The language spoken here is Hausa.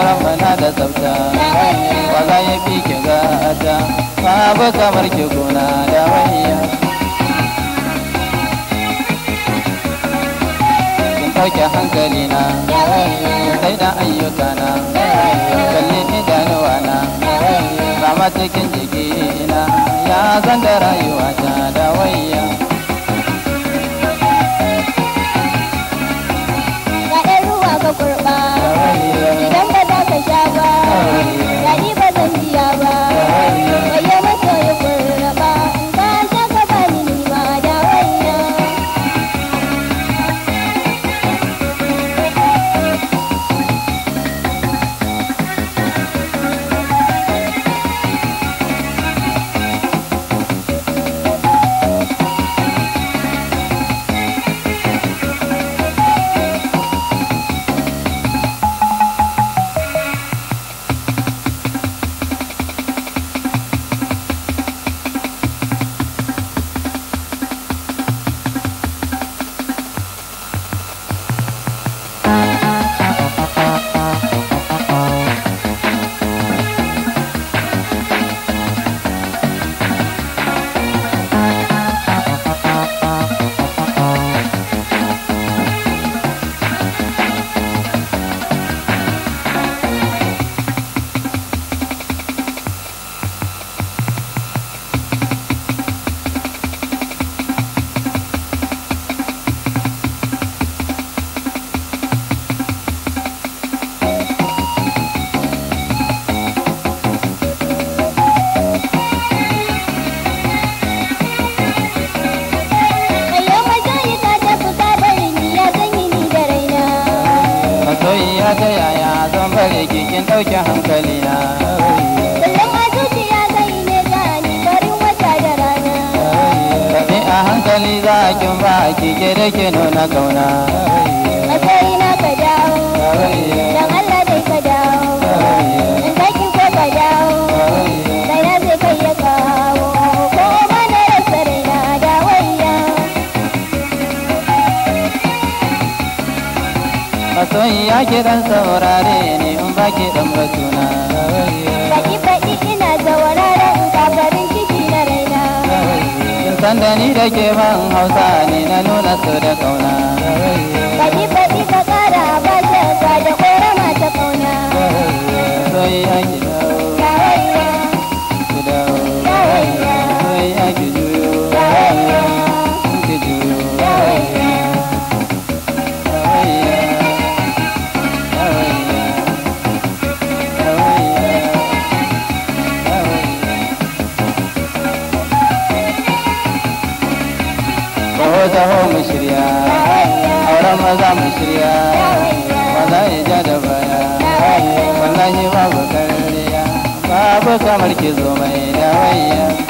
auren mana da tsafta ba za ya fi ki gata ba kamar ki gona da wayya kin ɗauke hankali na sai da ayyuka na kalli idanuwa na ba ma jiki na ya zan da rayuwa ta da wayya zuciya ta yaya zan bare kikin ɗauke hankali na. Kullum a zuciya zai ne gani farin wata da rana. Tafi a hankali za a kin ba a kike da ke nuna kauna. Masoyi na ka dawo. masoyiya kiran saurare ne in ba ki dan batuna baki baki ina saurare in ka farin ciki na raina kin san da ni da ke ban hausa ne na nuna su da kauna ko taho mu shirya auren maza mu shirya maza ya ja da baya wallahi babu karya babu kamar ki zo mai da wayya